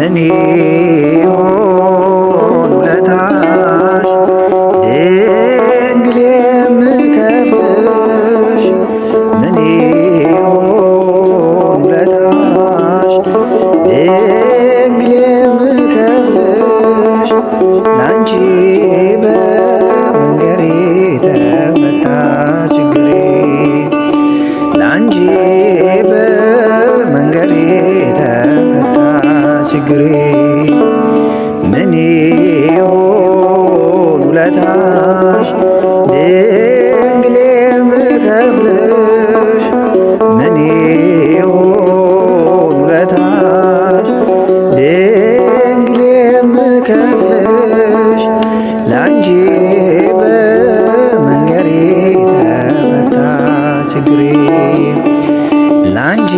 ምን ፍቅሬ ምን ይሆን ውለታሽ ድንግል የምከፍልሽ ምን ይሆን ውለታሽ ድንግል የምከፍልሽ ላንቺ በመንገሬ ተፈታ ችግሬ ላንቺ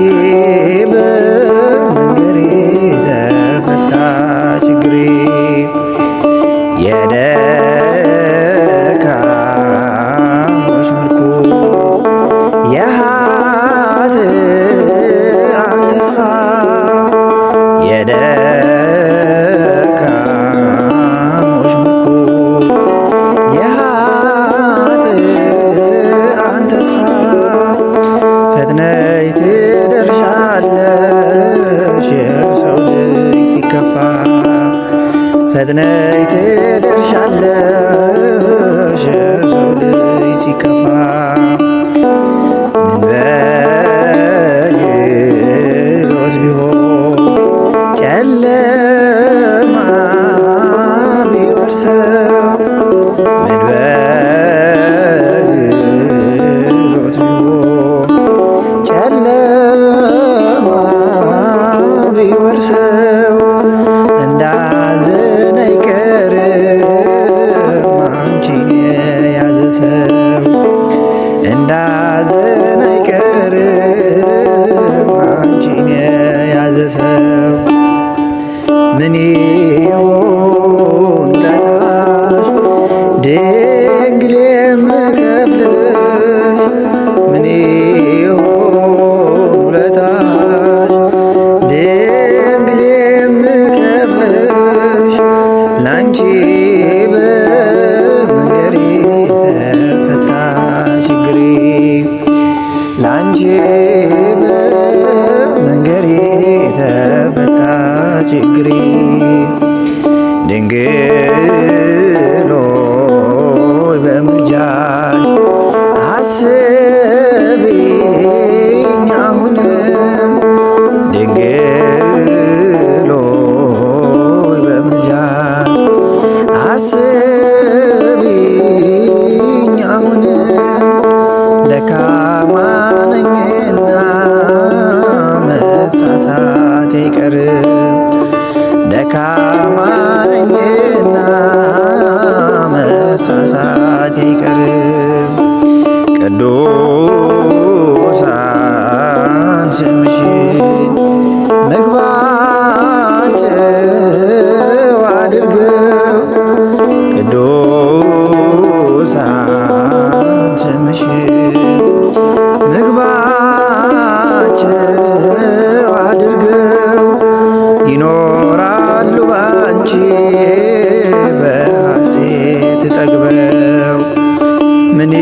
ሰው ምን በግዞት ቢሆን ጨለማ ቢወርሰው እንዳዘነ አይቀርም አንቺን የያዘ ሰው እንዳዘነ አይቀርም አንቺን የያዘ ሰው ምን ችግሬ ድንግል የምንጠግበው ምን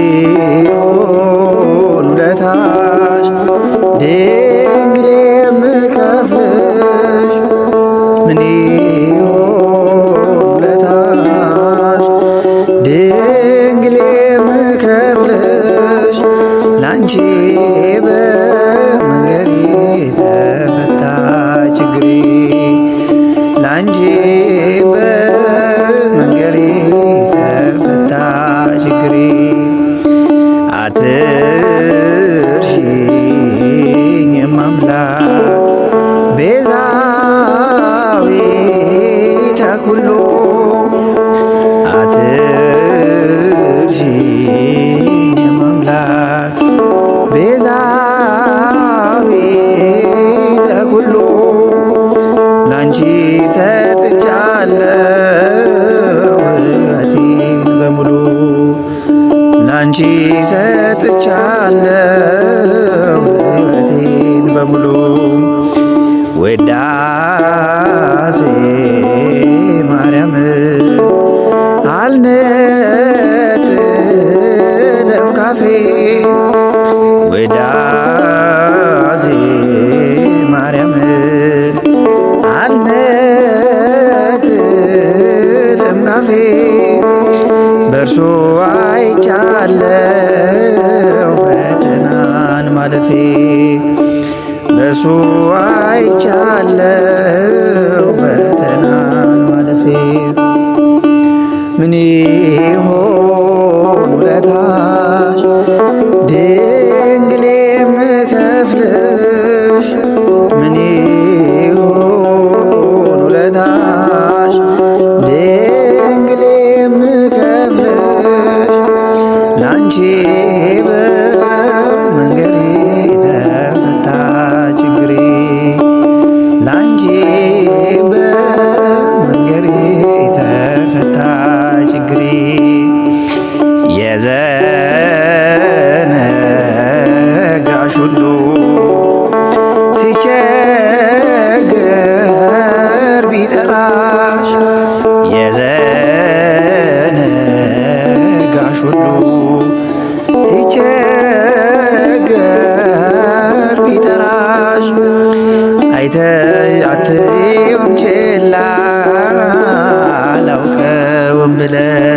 ሁሉ አትርሽኝ አምላክ ቤዛዊተ ሁሉ ላንቺ ሰጥቻለሁ ሕይወቴን በሙሉ ላንቺ ሰጥቻለሁ ማርያም አልነጥልም ካፌ በእርሱ አይቻለው ፈተናን ማለፌ በእርሱ አይቻለው ፈተናን ማለፌ ምን ይሆን ውለታሽ አንቺ በመንገዴ ተፈታ ችግሬ ላንቺ በመንገዴ ተፈታ ችግሬ የዘ ብለን